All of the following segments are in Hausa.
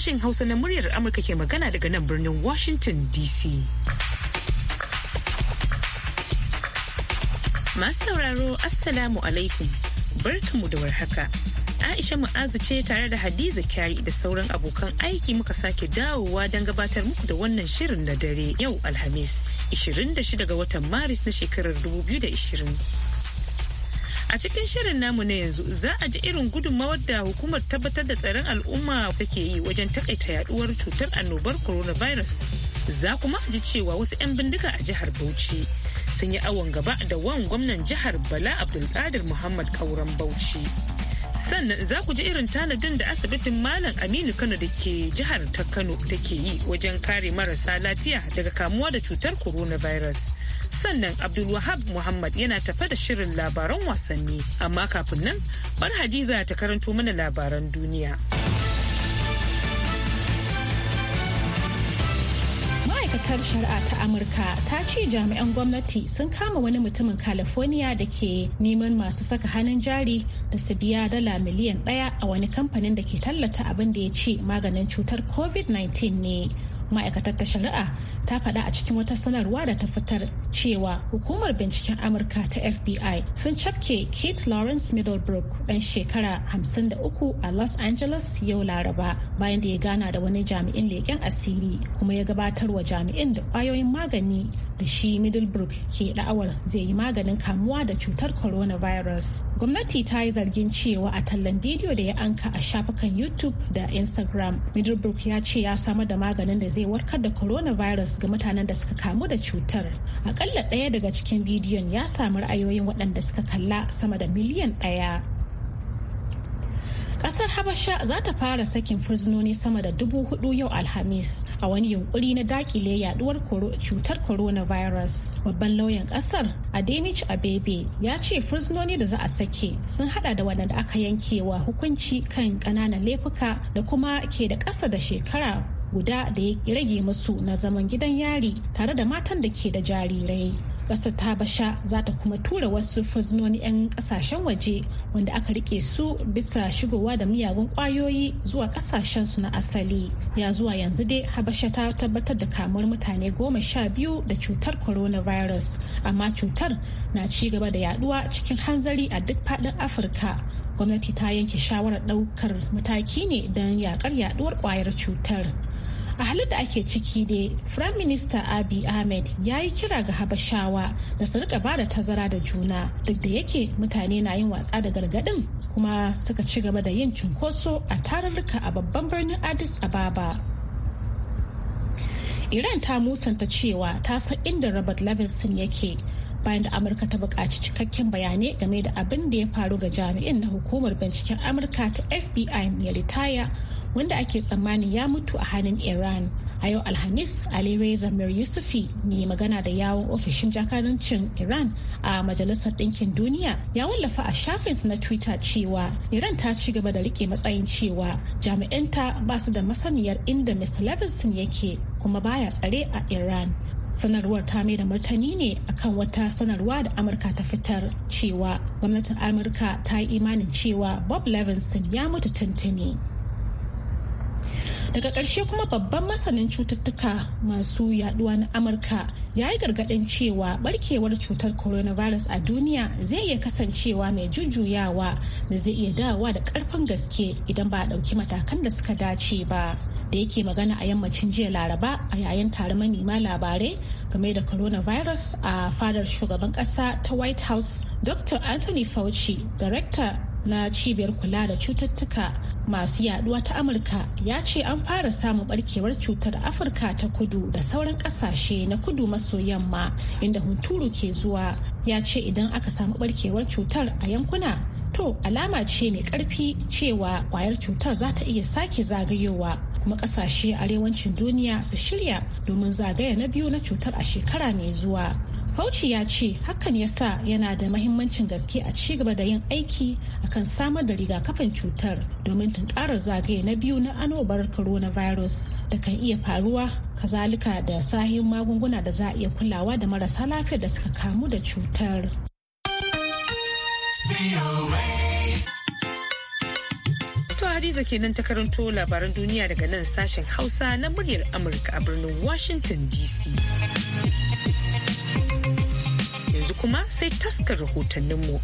sashen Hausa na muryar Amurka ke magana daga nan birnin Washington DC. Masu sauraro Assalamu alaikum barkamu da warhaka. Aisha Mu'azu ce tare da Hadiza Kyari da sauran abokan aiki muka sake dawowa don gabatar muku da wannan shirin na dare yau Alhamis 26 ga watan Maris na shekarar 2020. A cikin shirin namu na yanzu za a ji irin gudunmawar da hukumar tabbatar da tsaron al'umma take yi wajen takaita yaduwar cutar annobar coronavirus. Za kuma ji cewa wasu 'yan bindiga a jihar Bauchi sun yi awon gaba da wan gwamnan jihar Bala Abdulkadir Muhammad Kauran Bauchi. Sannan za ku ji irin tanadin da asibitin Malam Aminu Kano da ke jihar ta Kano take yi wajen kare marasa lafiya daga kamuwa da cutar coronavirus. sannan Abdulwahab Muhammad yana tafe da shirin labaran wasanni. Amma kafin nan, bar Hadiza ta karanto mana labaran duniya. ma'aikatar shari'a ta amurka ta ce jami'an gwamnati sun kama wani mutumin california da ke neman masu saka hannun jari da su biya dala miliyan daya a wani kamfanin da ke tallata abin da ya ce maganin cutar covid-19 ne ma'aikatar ta shari'a ta faɗa a cikin wata sanarwa da ta fitar cewa hukumar binciken amurka ta fbi sun cafke kate lawrence middlebrook ɗan shekara 53 a los angeles yau laraba bayan da ya gana da wani jami'in leƙen asiri kuma ya gabatar wa jami'in da ƙwayoyin magani da shi middlebrook ke da'awar zai yi maganin kamuwa da cutar coronavirus gwamnati ta yi zargin cewa a tallan bidiyo da ya anka a shafukan youtube da instagram middlebrook ya ce ya samar da maganin da zai warkar da coronavirus ga mutanen da suka kamu da cutar akalla ɗaya daga cikin bidiyon ya samu ra'ayoyin waɗanda suka kalla sama da miliyan ɗaya Kasar Habasha za ta fara sakin fursunoni sama da dubu hudu yau Alhamis a wani yunkuri na dakile yaduwar cutar coronavirus. Babban lauyan kasar Adenich Abebe ya ce fursunoni da za a sake sun hada da waɗanda aka yankewa hukunci kan ƙananan laifuka da kuma ke da kasa da shekara guda da ya rage musu na zaman gidan yari tare da matan da ke da jarirai. kasar ta basha za ta kuma tura wasu fursunoni 'yan kasashen waje wanda aka rike su bisa shigowa da miyagun kwayoyi zuwa kasashen su na asali ya zuwa yanzu dai habasha ta tabbatar da kamar mutane goma sha biyu da cutar coronavirus amma cutar na ci gaba da yaduwa cikin hanzari a duk faɗin afirka gwamnati ta yanke shawarar ɗaukar mataki ne don yaƙar yaduwar kwayar cutar a halin da ake ciki ne prime minister abi ahmed ya yi kira ga habashawa da su rika ba tazara da juna duk da yake mutane na yin watsa da gargadin kuma suka ci gaba da yin cunkoso a tarurruka a babban birnin addis ababa iran ta musanta cewa ta san inda robert levinson yake bayan da amurka ta buƙaci cikakken bayanai game da abin da ya faru ga jami'in na hukumar binciken amurka ta fbi ya ritaya wanda ake tsammanin ya mutu a hannun iran a yau alhamis ali reza mir yusufi mai magana da yawon ofishin jakadancin iran a majalisar ɗinkin duniya ya wallafa a shafinsa na twitter cewa iran ta ci gaba da rike matsayin cewa jami'anta ba su da masaniyar inda mr levinson yake kuma baya tsare a iran sanarwar ta mai da martani ne akan wata sanarwa da amurka ta fitar cewa gwamnatin amurka ta yi imanin cewa bob levinson ya mutu tuntuni daga ƙarshe kuma babban masanin cututtuka masu yaduwa na amurka ya yi gargaɗin cewa barkewar cutar coronavirus a duniya zai iya kasancewa mai jujjuyawa da zai iya dawa da ƙarfin gaske idan ba a ɗauki matakan da suka dace ba. da yake magana a yammacin jiya laraba a yayin tare manema labarai game da coronavirus a fadar shugaban kasa ta white house dr anthony fauci director na cibiyar kula da cututtuka masu yaduwa ta amurka ya ce an fara samun barkewar cutar afirka ta kudu da sauran kasashe na kudu maso yamma inda hunturu ke zuwa ya ce idan aka samu barkewar cutar a yankuna to alama ce mai karfi cewa kwayar cutar za ta iya sake zagayowa kuma kasashe arewacin duniya su shirya domin zagaya na biyu na cutar a shekara mai zuwa Fauci ya ce hakan ya sa yana da mahimmancin gaske a ci gaba da yin aiki akan samar da rigakafin cutar domin tunkarar zagaye na biyu na anobar coronavirus da kan iya faruwa kazalika da sahihin magunguna da za a iya kulawa da marasa lafiyar da suka kamu da cutar. Hadiza kenan ta karanto labaran duniya daga nan sashen Hausa na muryar Amurka a birnin Washington DC. Yanzu kuma sai taskar rahotanninmu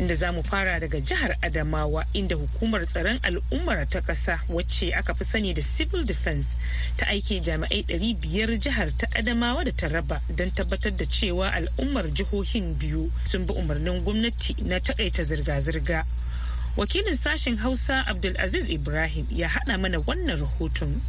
inda za mu fara daga jihar Adamawa inda hukumar tsaron al'ummar ta ƙasa wacce aka fi sani da civil defense ta aike jami'ai 500 jihar ta Adamawa da ta raba don tabbatar da cewa al'ummar jihohin biyu sun bi umarnin gwamnati na taƙaita zirga-zirga. wakilin sashen hausa abdulaziz ibrahim ya haɗa mana wannan rahoton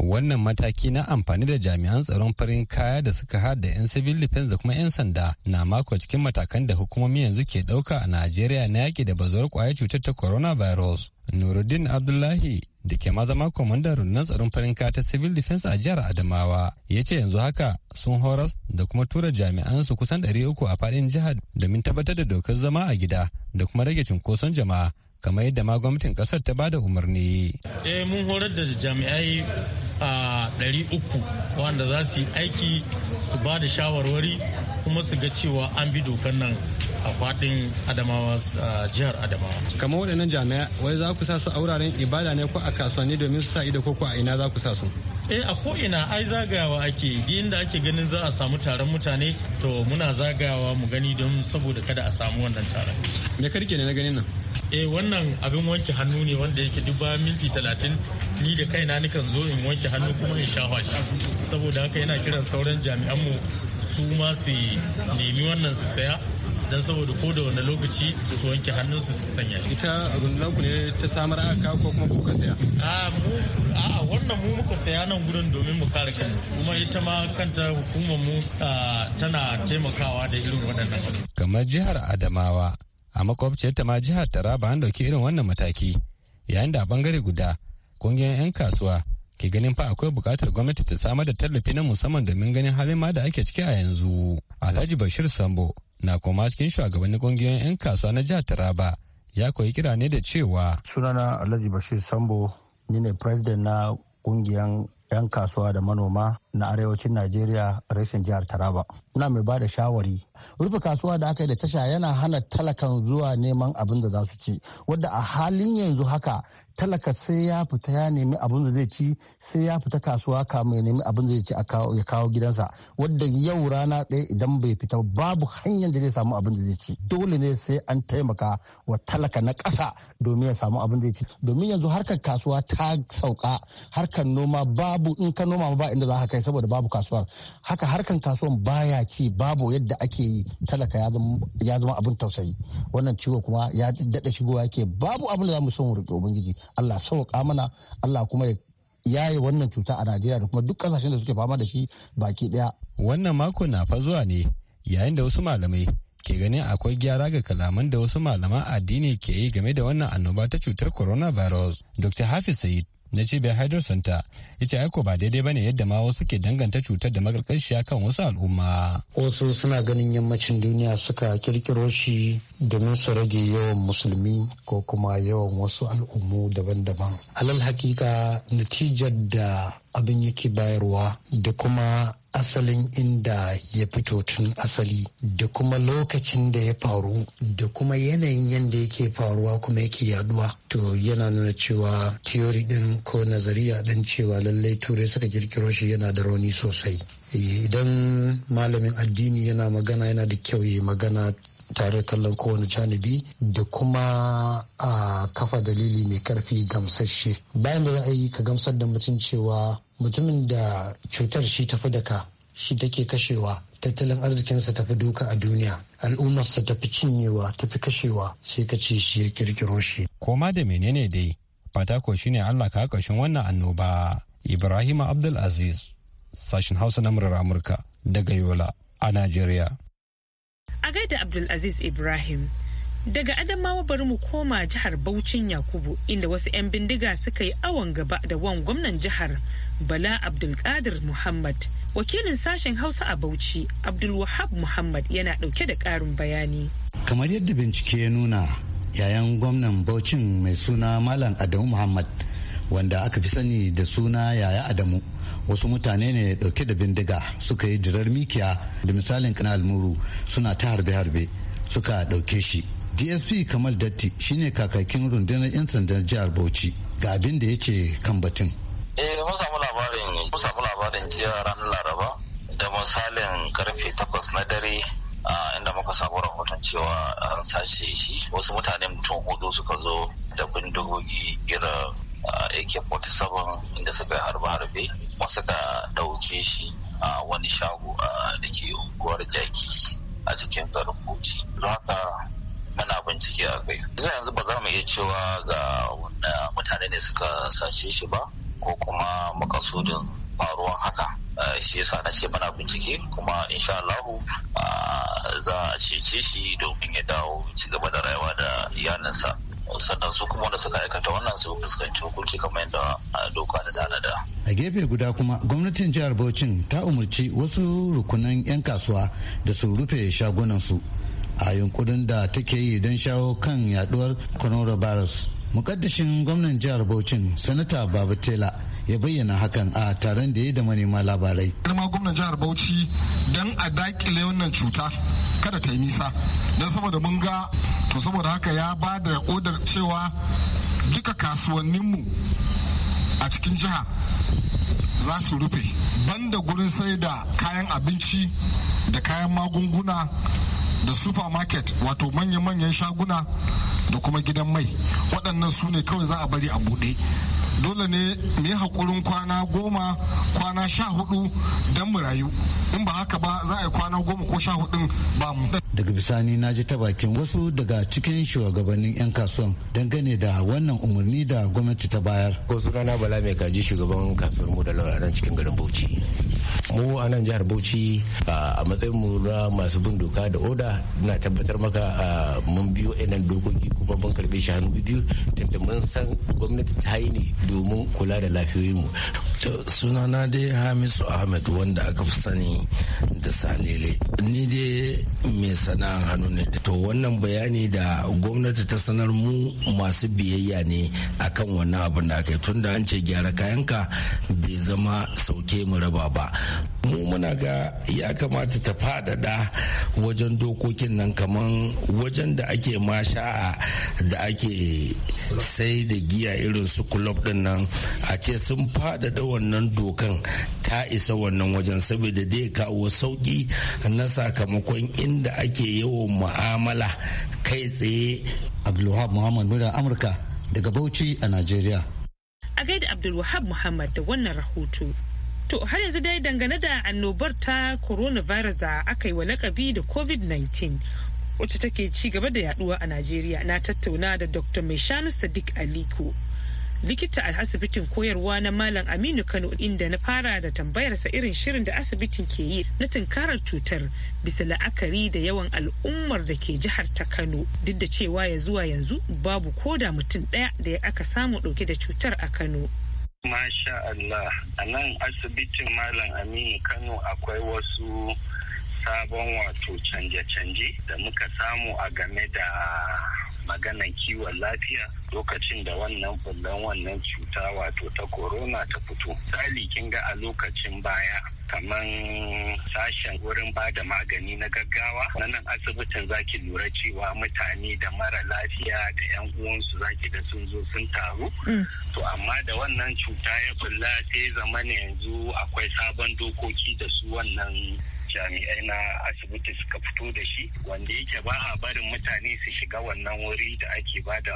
wannan mataki na amfani da jami'an tsaron farin kaya da suka hada 'yan civil defense da kuma 'yan sanda na mako cikin matakan da hukumomi yanzu ke dauka a najeriya na yaki da bazuwar kwayar cutar ta coronavirus nuruddin abdullahi da ke mazama kwamandan rundunar tsaron farin kaya ta civil defense a jihar adamawa ya ce yanzu haka sun horas da kuma tura jami'an su kusan 300 a faɗin jihar domin tabbatar da dokar zama a gida da kuma rage cunkoson jama'a kamar yadda ma gwamnatin kasar ta bada umarni. Eh mun horar da jami'ai a ɗari uku wanda za su yi aiki su ba da shawarwari kuma su ga cewa an bi dokar nan a faɗin adamawa jihar adamawa kamar waɗannan jami'a wai za ku sa su a wuraren ibada ne ko a kasuwanni domin su sa ido ko a ina za ku sa su eh a ko ina ai zagayawa ake inda ake ganin za a samu taron mutane to muna zagayawa mu gani don saboda kada a samu wannan taron me karke ne na ganin nan eh wannan abin wanke hannu ne wanda yake duk bayan minti talatin ni da kaina nikan zo in wanke hannu kuma in sha shi saboda haka yana kiran sauran jami'anmu su ma su nemi wannan su saya don saboda ko da wani lokaci su wanke hannun su sanya shi. Ita rundunar ku ne ta samar aka ko kuma kuka saya? A a wannan mu muka saya nan gurin domin mu kare kanmu kuma ita ma kanta hukumar mu tana taimakawa da irin waɗannan. Kamar jihar Adamawa a makwabciyarta, ma jihar taraba an dauki irin wannan mataki yayin da a bangare guda ƙungiyoyin 'yan kasuwa ke ganin fa akwai bukatar gwamnati ta samar da tallafi na musamman domin ganin halin ma da ake ciki a yanzu alhaji bashir sambo na koma cikin shugabannin kungiyoyin 'yan kasuwa na jihar taraba ya koyi kira ne da cewa sunana alhaji bashir sambo ni ne president na ƙungiyar 'yan kasuwa da manoma na arewacin najeriya rashin jihar taraba na mai ba da shawari rufe kasuwa da aka yi da tasha yana hana talakan zuwa neman abin da za su ci wadda a halin yanzu haka talaka sai ya fita ya nemi abin da zai ci sai ya fita kasuwa ka mai nemi abin da zai ci ya kawo gidansa wadda yau rana ɗaya idan bai fita babu hanyar da zai samu abin da zai ci dole ne sai an taimaka wa talaka na ƙasa domin ya samu abin da zai ci domin yanzu harkar kasuwa ta sauka harkar noma babu in ka noma ba inda za ka kai saboda babu kasuwar haka harkar kasuwan baya ce babu yadda ake yi talaka ya zama abin tausayi wannan ciwo kuma ya daɗa shigowa yake babu abin da za mu so mu riƙe ubangiji allah sauƙa mana allah kuma ya yaye wannan cuta a najeriya da kuma duk ƙasashen da suke fama da shi baki ɗaya. wannan mako na fa zuwa ne yayin da wasu malamai ke ganin akwai gyara ga kalaman da wasu malaman addini ke yi game da wannan annoba ta cutar coronavirus dr hafiz said na cibiyar hydro center ya ce aiko ba daidai bane yadda ma wasu ke danganta cutar da makarkashiya kan wasu al'umma wasu suna ganin yammacin duniya suka kirkiro shi domin su rage yawan musulmi ko kuma yawan wasu al'ummu daban-daban alal hakika natijar da abin yake bayarwa da kuma asalin inda ya fito tun asali da kuma lokacin da ya faru da kuma yanayin yadda yake faruwa kuma yake yaduwa to yana nuna cewa theory din ko nazariya din cewa lallai turai suka kirkiro shi yana da rauni sosai eh, idan malamin addini yana magana yana da kyau ya magana tare kallon kowane janibi da kuma a kafa dalili mai karfi gamsashe bayan da za a yi ka gamsar da mutum cewa mutumin da cutar shi tafi da ka shi take kashewa tattalin arzikinsa tafi doka a duniya al'ummarsa tafi cinyewa tafi kashewa sai ka ce shi ya kirkiro shi koma da menene dai fata ko shine allah ka kashin wannan annoba ibrahim AbdulAziz, sashen sashin hausa na murar amurka daga yola a najeriya A gaida Abdulaziz Ibrahim. Daga Adamawa bari mu koma jihar Baucin Yakubu inda wasu 'yan bindiga suka yi awon gaba da wan gwamnan jihar Bala Abdulkadir Muhammad. Wakilin sashen Hausa a Bauchi Abdulwahab Muhammad yana ɗauke da ƙarin bayani. Kamar yadda bincike ya nuna yayan gwamnan Baucin mai suna Malam Adamu Muhammad wanda aka fi sani da suna Yaya Adamu wasu mutane ne dauke da bindiga suka yi dirar mikiya da misalin kana almuru suna ta harbe-harbe suka dauke shi dsp kamal datti shine kakakin rundunar 'yan sandan jihar bauchi ga abin da ya ce kan batun eh mun labarin jiya ranar laraba da misalin karfe takwas na dare inda muka samu rahoton cewa an sashe shi wasu mutane mutum hudu suka zo da bindigogi irin ak-47 inda suka harbe-harbe kuma suka ɗauke shi a wani shago da ke unguwar jaki a cikin garin bauchi don haka muna bincike a kai yanzu ba za mu iya cewa ga mutane ne suka sace shi ba ko kuma makasudin faruwan haka shi yasa na ce mana bincike kuma insha Allah za a cece shi domin ya dawo ci gaba da rayuwa da iyalinsa. sannan su kuma wanda suka aikata wannan su fuskanci hukunci kamar yadda doka da tanada. a gefe guda kuma gwamnatin jihar Bauchin ta umarci wasu rukunan 'yan kasuwa da su rufe shagunansu a yunkurin da take yi don shawo kan yaduwar coronavirus mukaddashin gwamnan jihar Bauchin sanata tela ya bayyana hakan a taron da ya da manema labarai. yarma gwamnan jihar Bauchi don a dakile wannan cuta kada ta yi nisa don saboda mun ga to saboda haka ya ba da odar cewa duka kasuwanninmu a cikin jiha za su rufe banda gurin sai da kayan abinci da kayan magunguna da supermarket wato manya-manyan shaguna da kuma gidan mai waɗannan su ne kawai za a bari a buɗe dole ne mai haƙurin kwana goma kwana sha hudu don mu rayu in ba haka ba za a yi kwana goma ko sha hudun ba mu daga bisani na ji ta bakin wasu daga cikin shugabannin 'yan kasuwan dangane da wannan umarni da gwamnati ta bayar ko sunana bala mai kaji shugaban kasuwar mu da nan cikin garin bauchi mu a nan jihar bauchi a matsayin mu na masu bin doka da oda na tabbatar maka mun biyo nan dokoki kuma mun karbe shi hannu biyu tunda mun san gwamnati ta yi ne domin kula da lafiyoyin mu sunana dai hamisu ahmed wanda aka fi sani da salele ni dai mai sana'ar hannu ne to wannan bayani da gwamnati ta sanar mu masu biyayya ne akan wannan abin da aka yi tunda an ce gyara kayanka bai zama sauke mu raba ba mu muna ga ya kamata ta fadada wajen dokokin nan kaman wajen da ake masha'a da ake sai da giya irin su kulob din nan a ce sun fadada wannan dokan ta isa wannan wajen saboda dai kawo sauki na sakamakon inda ake yawan mu'amala kai tsaye abdulwahab muhammad muna amurka daga bauchi a najeriya a gaida abdulwahab muhammad da wannan rahoto To har yanzu dai dangane da annobar ta coronavirus da aka yi wa lakabi da COVID-19 wacce take ci gaba da yaduwa a Najeriya na tattauna da Dr. Maishanu Sadiq Aliko. Likita a asibitin koyarwa na Malam Aminu Kano inda na fara da tambayarsa irin shirin da asibitin ke yi na tunkarar cutar bisa la'akari da yawan al'ummar da ke jihar ta Kano duk da cewa ya zuwa yanzu babu koda mutum ɗaya da ya aka samu ɗauke da cutar a Kano. Masha Allah, a nan asibitin Malam Aminu Kano akwai wasu sabon wato canje-canje da muka samu a game da maganan kiwon lafiya lokacin da wannan bullon wannan cuta wato ta corona ta fito. Sali kin ga a lokacin baya kamar sashen wurin ba da magani na gaggawa na nan asibitin zaki lura cewa mutane da mara lafiya da yan uwansu zaki da sun zo sun taru mm. to amma da wannan cuta ya bulla sai zama yanzu akwai sabon dokoki da su wannan jami'ai na asibiti suka fito da shi wanda yake ba a barin mutane su shiga wannan wuri da ake ba da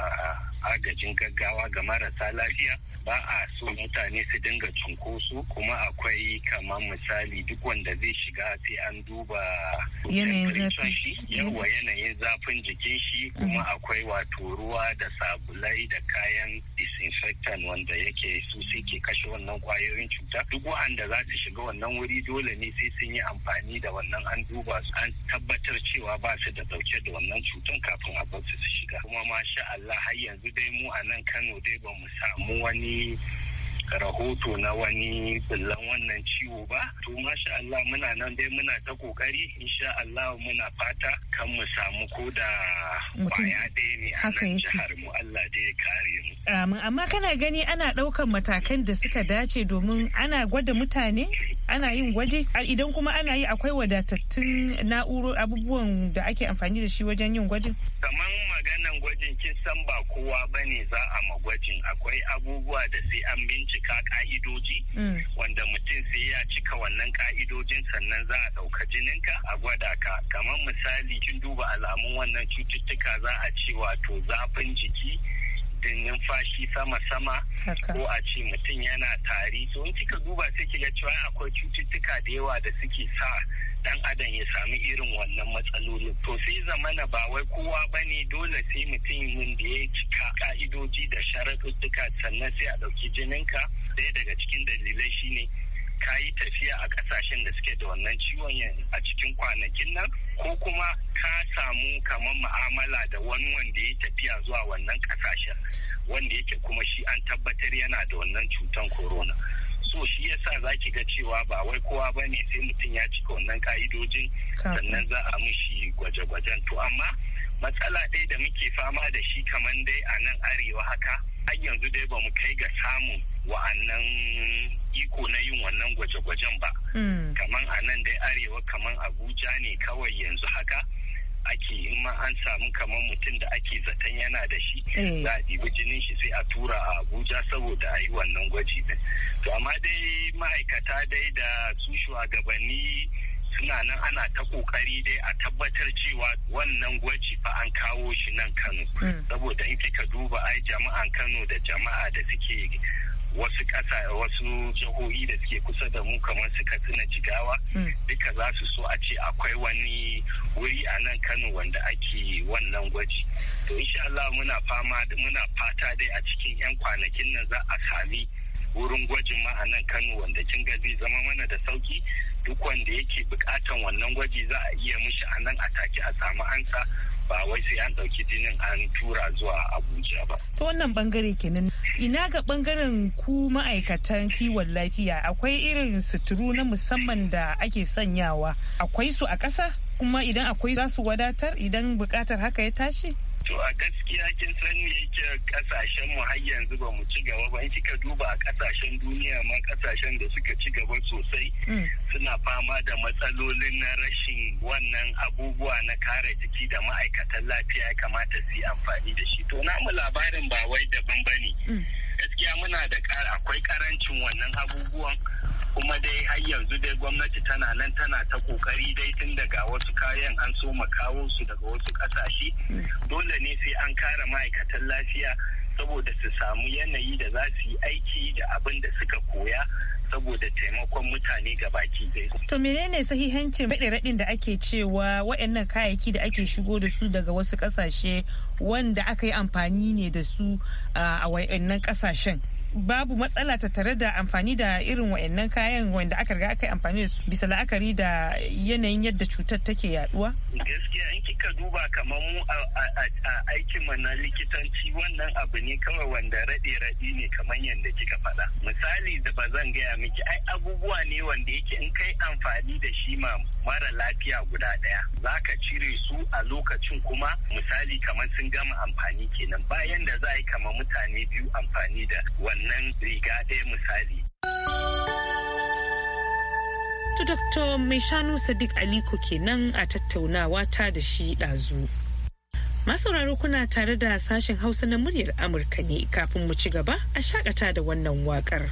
agajin gaggawa ga marasa lafiya ba a so mutane su dinga cunkoso kuma akwai kamar misali duk wanda zai shiga sai an duba Yanayin yawa yanayin zafin jikin shi kuma mm. akwai wato ruwa da sabulai da kayan disinfectant wanda yake su ke kashe wannan kwayoyin cuta duk wa'anda za su shiga wannan wuri dole ne sai sun yi amfani da wannan an duba an tabbatar cewa ba su da dauke da wannan cutan kafin a bar su shiga kuma masha Allah har yanzu dai mu a nan kano dai ba mu samu wani rahoto na wani bullan wannan ciwo ba to masha Allah muna nan dai muna ta kokari insha Allah muna fata kan mu samu ko da kwaya ɗaya ne a nan jihar mu Allah dai kare mu amin amma kana gani ana ɗaukan matakan da suka dace domin ana gwada mutane ana yin gwaji idan kuma ana yi akwai wadatattun na'uro abubuwan da ake amfani da shi wajen yin gwajin kaman gwajin kin san ba kowa ba ne za a magwajin akwai abubuwa da sai an bincika ka'idoji mm. wanda mutum sai ya cika wannan ka'idojin sannan za a ɗauka jininka a gwada ka kamar misali kin duba alamun wannan cututtuka za a ce wato zafin jiki da numfashi sama-sama ko a ce mutum yana tari so in kika duba sai kiga cewa akwai cututtuka da yawa da suke sa dan adam ya sami irin wannan matsalolin to sai zamana ba wai kowa ba ne dole sai mutum yin da ya cika ka'idoji da sharaɗuttuka sannan sai a ɗauki jininka ɗaya daga cikin dalilai shine ka yi tafiya a kasashen da suke da wannan ciwon a cikin kwanakin nan ko kuma ka samu kamar ma'amala da wani wanda ya tafiya zuwa wannan kasashen wanda yake kuma shi an tabbatar yana da wannan cutan corona so shi yasa za ki ga cewa ba wai kowa ba ne sai mutum ya cika wannan ka'idojin sannan za a mishi gwaje-gwajen to amma matsala ɗaya da muke fama da shi kamar dai a nan arewa haka har yanzu dai ba mu kai ga samun wa'annan iko na yin wannan gwaje-gwajen ba hmm. kaman a nan dai arewa kaman abuja ne kawai yanzu haka ake in ma an samu kamar mutum da ake zaton yana da shi eh. za a ɗibi jinin shi sai a tura a abuja saboda a yi wannan gwaji to amma dai ma'aikata dai da su shugabanni suna nan ana ta kokari dai a tabbatar cewa wannan gwaji fa an kawo shi nan Kano hmm. saboda in kika duba ai jama'an Kano da jama'a da suke wasu ƙasa wasu jihohi da suke kusa da mu kamar su katsina jigawa hmm. duka za su so a ce akwai wani wuri a nan kano wanda ake wannan gwaji to insha Allah muna muna fata dai a cikin 'yan kwanakin nan za a sami wurin gwajin ma a nan kano wanda kin ga zai zama mana da sauki duk wanda yake bukatan wannan gwaji za a iya mishi a nan a take a samu ansa ba wai sai an ɗauki jinin an tura zuwa abuja ba. ta wannan bangare kenan ina ga bangaren ku ma'aikatan kiwon lafiya akwai irin suturu na musamman da ake sanyawa akwai su a ƙasa kuma idan akwai za su wadatar idan bukatar haka ya tashi? To a gaskiya kin san me yake kasashen mu har yanzu ba mu ci gaba ba in kika duba a kasashen duniya ma kasashen da suka ci gaba sosai mm. suna fama da matsalolin na rashin wannan abubuwa na kare jiki da ma'aikatan lafiya ya kamata su yi amfani da shi. To namu labarin ba wai daban bane. Mm. Gaskiya muna da akwai karancin wannan abubuwan kuma dai har yanzu dai gwamnati tana nan tana ta kokari dai tun daga wasu kayan an so kawo su daga wasu kasashe hmm. dole ne sai an kare ma'aikatan lafiya saboda su samu yanayi da za su yi aiki da abin da suka koya saboda taimakon mutane ga baki dai. To menene sahihancin baɗe raɗin da ake cewa waɗannan kayayyaki da ake shigo da su daga wasu ƙasashe wanda aka yi amfani ne da su a waɗannan ƙasashen babu matsala ta tare da amfani da irin wa'annan kayan wanda aka riga aka yi amfani da su bisa la'akari da yanayin yadda cutar take yaduwa? Gaskiya in kika duba kamar mu a aikin mu na likitanci wannan abu ne kawai wanda raɗe raɗi ne kamar yadda kika faɗa. Misali da ba zan gaya miki ai abubuwa ne wanda yake in kai amfani da shi ma mara lafiya guda ɗaya za ka cire su a lokacin kuma misali kamar sun gama amfani kenan bayan da za a yi kamar mutane biyu amfani da wannan wannan riga ɗaya misali. Ta Dr. Mai Shanu Sadiq Aliko kenan a tattaunawa ta da shi ɗazu. Masauraro kuna tare da sashen Hausa na muryar Amurka ne kafin mu ci gaba a shakata da wannan waƙar.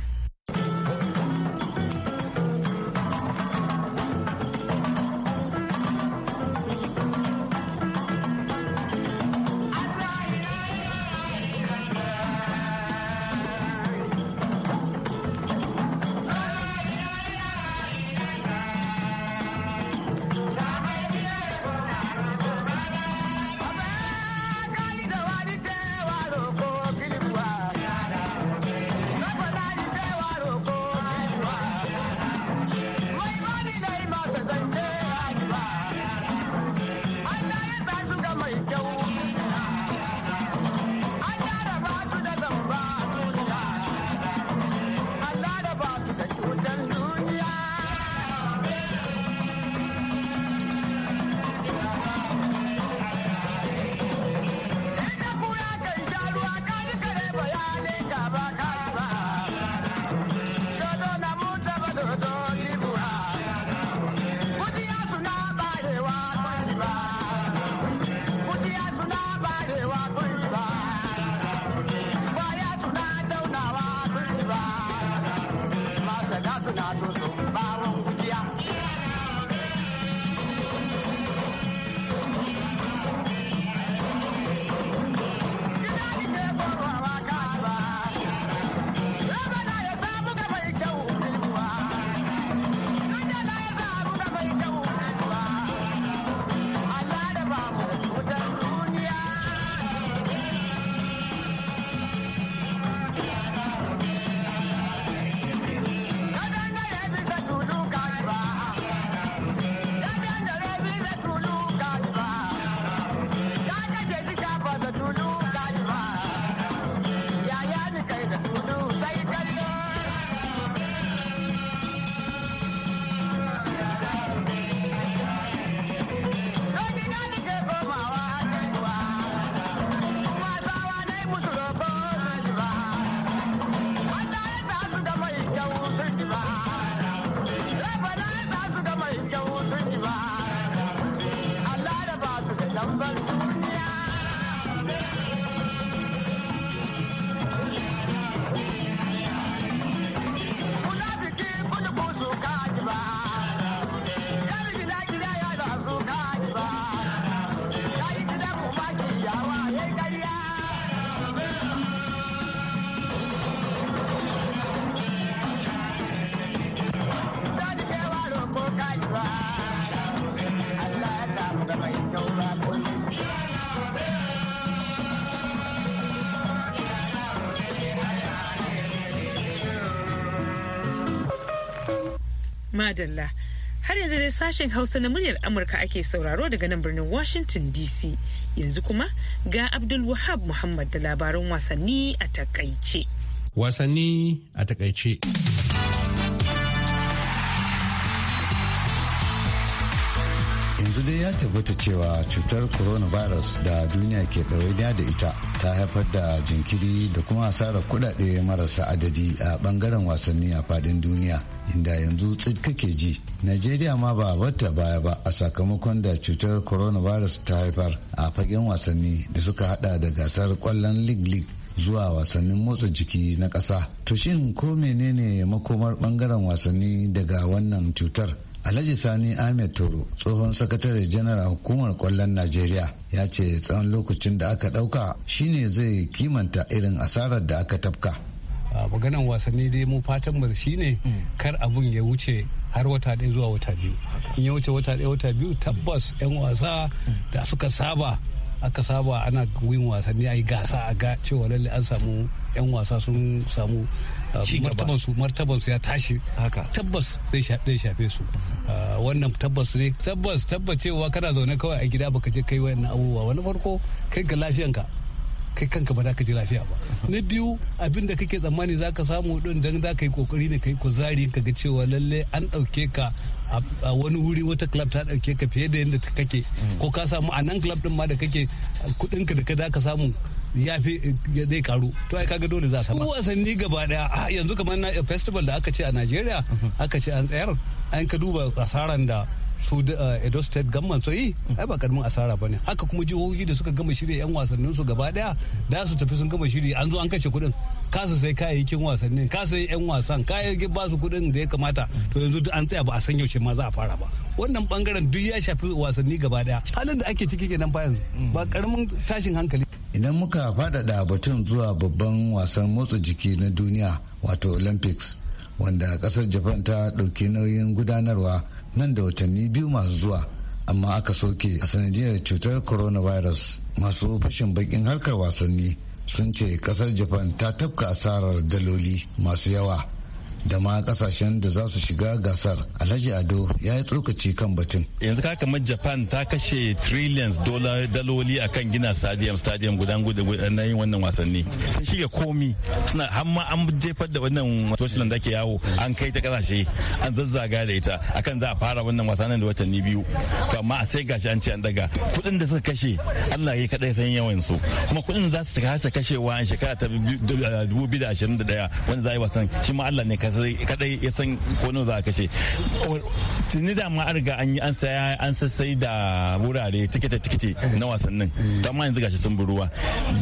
madalla har yanzu dai sashen hausa na muryar amurka ake sauraro daga nan birnin washington dc yanzu kuma ga abdul wahab muhammad da labaran wasanni a takaice wasanni a takaice yanzu dai ya tabbata cewa cutar coronavirus da duniya ke ɗawainiya da ita ta haifar da jinkiri da kuma asarar kuɗaɗe marasa adadi a ɓangaren wasanni a fadin duniya inda yanzu tsid kake ji najeriya ma ba bata baya ba a sakamakon da cutar coronavirus ta haifar a fagen wasanni da suka hada da gasar kwallon league league zuwa wasannin motsa jiki na ƙasa. To shin ko menene makomar bangaren wasanni daga wannan cutar? Alhaji Sani Ahmed Toro, tsohon sakatare janar hukumar kwallon Najeriya, ya ce tsawon lokacin da aka ɗauka shine zai kimanta irin asarar da aka tafka. maganan wasanni dai mu fatan mu shine hmm. kar abun ya wuce har wata ɗaya zuwa wata biyu. In ya wuce wata ɗaya wata biyu tabbas 'yan wasa hmm. da suka saba aka saba ana yin wasanni a yi gasa a ga cewa lalle an samu yan wasa sun samu uh, martabansu martabansu ya tashi haka tabbas zai shafe su uh, wannan tabbas ne tabbas tabbacewa kana zaune kawai a gida baka je kai wayannan abubuwa wani farko kai ga lafiyanka kai kanka ba za ka ji lafiya ba na biyu abin da kake tsammani za ka samu din dan za ka yi kokari ne ka yi kuzari ka ga cewa lalle an ɗauke ka a wani wuri wata club ta ɗauke ka fiye da yadda kake ko ka samu a nan club din ma da kake kuɗinka da ka da ka samu ya fi zai karu to ai kaga dole za a samu wasanni gaba daya yanzu kamar na festival da aka ce a Najeriya aka ce an tsayar an ka duba asaran da su uh, edo state gamman so yi ai ba karamin asara ba ne haka kuma jihohi da suka gama shirya yan wasannin su gaba daya da su tafi sun gama shirya an zo an kashe kuɗin kasa sai kayayyakin wasannin kasa yan wasan kayayyakin ba su kuɗin da ya kamata to yanzu duk an tsaya ba a san yaushe ma za a fara ba wannan bangaren duk ya shafi wasanni gaba daya halin da ake ciki kenan bayan ba karamin tashin hankali idan muka faɗaɗa batun zuwa babban wasan motsa jiki na duniya wato olympics wanda kasar japan ta ɗauki nauyin gudanarwa nan da watanni biyu masu zuwa amma aka soke a sanadiyar cutar coronavirus masu fashin bakin harkar wasanni sun ce kasar japan ta tafka asarar daloli masu yawa da ma kasashen da za su shiga gasar alhaji ado ya yi tsokaci kan batun yanzu ka kamar japan ta kashe trillions daloli a kan gina stadium stadium gudan gudan na yin wannan wasanni sun shirya komi suna hamma an jefar da wannan toshilan da ke yawo an kai ta kasashe an zazzaga da ita akan za a fara wannan wasannin da watanni biyu amma a sai gashi an ce an daga kuɗin da suka kashe allah ya kaɗai san yawan su kuma kuɗin za su kasa kashewa a shekara ta 2021 wanda za a yi wasan shi ma allah ne ka kadai ya san ko nawa za ka kashe tuni da ma an riga an yi an saya an sassai da wurare tikita tikiti na wasannin to amma yanzu gashi sun ruwa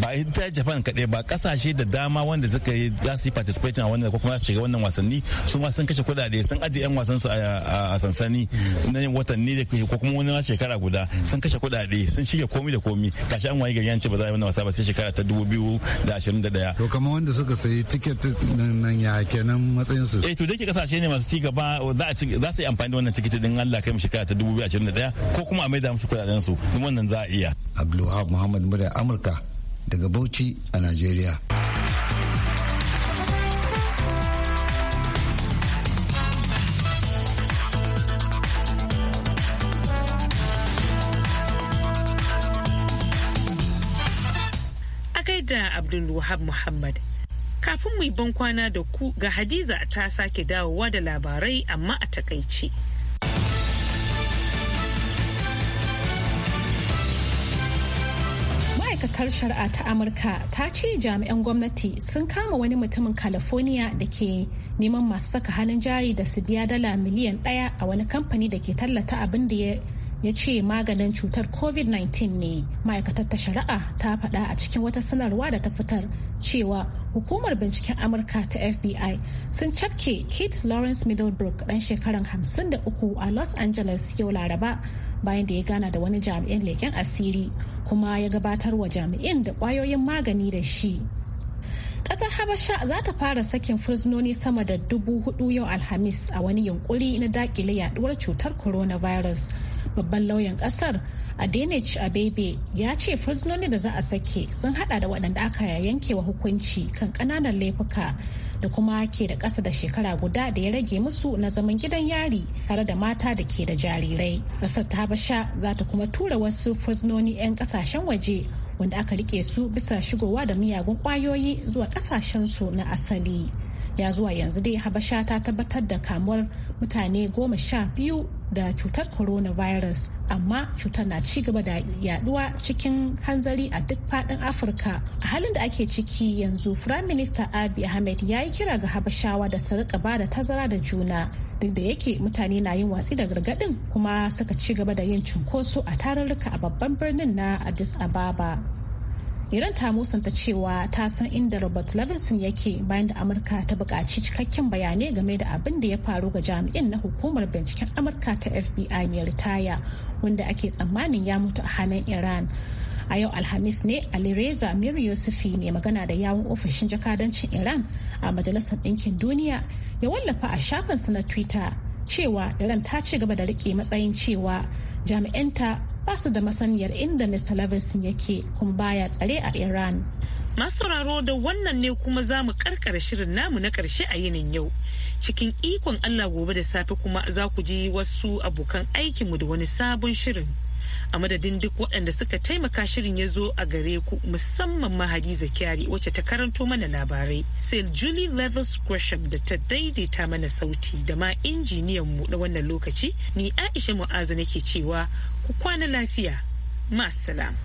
ba ita japan kadai ba kasashe da dama wanda suka yi za su yi participating a wannan ko kuma su shiga wannan wasanni su ma sun kashe kudade sun aje yan wasan su a sansani na watanni da ko kuma wani shekara guda sun kashe kudade sun shirya komi da komi gashi an waye gari an ce ba za a yi wannan wasa ba sai shekara ta 2021 to kamar wanda suka sayi tiket nan ya kenan matsayin su eh to da yake kasashe ne masu ci za su yi amfani da wannan tikiti din Allah kai mu shekara ta 2021 ko kuma a maida musu kudaden su duk wannan za a iya Abdulwahab Muhammad Murya Amurka daga Bauchi a Najeriya Abdul Wahab Muhammad Kafin mu ban kwana da ku ga Hadiza ta sake dawowa da labarai amma a takaice. ma'aikatar shari'a ta amurka ta ce jami'an gwamnati sun kama wani mutumin california da ke neman masu saka halin jari da su biya dala miliyan daya a wani kamfani da ke tallata abin da ya ya ce maganin cutar covid-19 ne ma'aikatar ta shari'a ta faɗa a cikin wata sanarwa da ta fitar cewa hukumar binciken amurka ta fbi sun cafke kit lawrence middlebrook ɗan shekaran 53 a los angeles yau laraba bayan da ya gana da wani jami'in leken asiri kuma ya gabatar wa jami'in da ƙwayoyin magani da shi ƙasar habasha za ta fara sakin fursunoni sama da dubu hudu yau alhamis a wani yunkuri na dakile yaduwar cutar coronavirus babban lauyan kasar adenich abebe ya ce fursunoni da za a sake sun hada da waɗanda aka yankewa hukunci kan ƙananan laifuka da kuma ke da ƙasa da shekara guda da ya rage musu na zaman gidan yari tare da mata da ke da jarirai ƙasar ta habasha za ta kuma tura wasu fursunoni 'yan ƙasashen waje wanda aka rike su bisa shigowa da miyagun ƙwayoyi zuwa ƙasashensu na asali ya zuwa yanzu dai habasha ta tabbatar da kamuwar mutane goma sha biyu da cutar coronavirus amma cutar na ci gaba da yaduwa cikin hanzari a duk fadin afirka a halin da ake ciki yanzu prime minister abiy ahmed ya yi kira ga habashawa da su rika ba da tazara da juna duk da yake mutane na yin watsi da gargadin kuma suka ci gaba da yin cunkoso a tarurruka a babban birnin na addis ababa Iran ta musanta cewa ta san inda Robert Levinson yake bayan da Amurka ta bukaci cikakken bayanai game da abin da ya faru ga jami'in na hukumar binciken Amurka ta FBI mai ritaya wanda ake tsammanin ya mutu a hannun Iran. A yau Alhamis ne Alireza Mir Yusufi mai magana da yawun ofishin jakadancin Iran a Majalisar Ɗinkin Duniya ya wallafa a shafinsa na Twitter cewa Iran ta ci gaba da riƙe matsayin cewa jami'anta ba su da masaniyar inda Mr. Levinson yake kuma baya tsare a Iran. Masu sauraro da wannan ne kuma za mu karkara shirin namu na karshe a yinin yau. Cikin ikon Allah gobe da safe kuma za ku ji wasu abokan aikinmu da wani sabon shirin. A madadin duk waɗanda suka taimaka shirin ya zo a gare ku musamman ma Hadiza wacce ta karanto mana labarai. Sai Julie Levels Gresham da ta daidaita mana sauti da ma injiniyanmu na wannan lokaci ni Aisha Mu'azu nake cewa ku kwana lafiya. salama.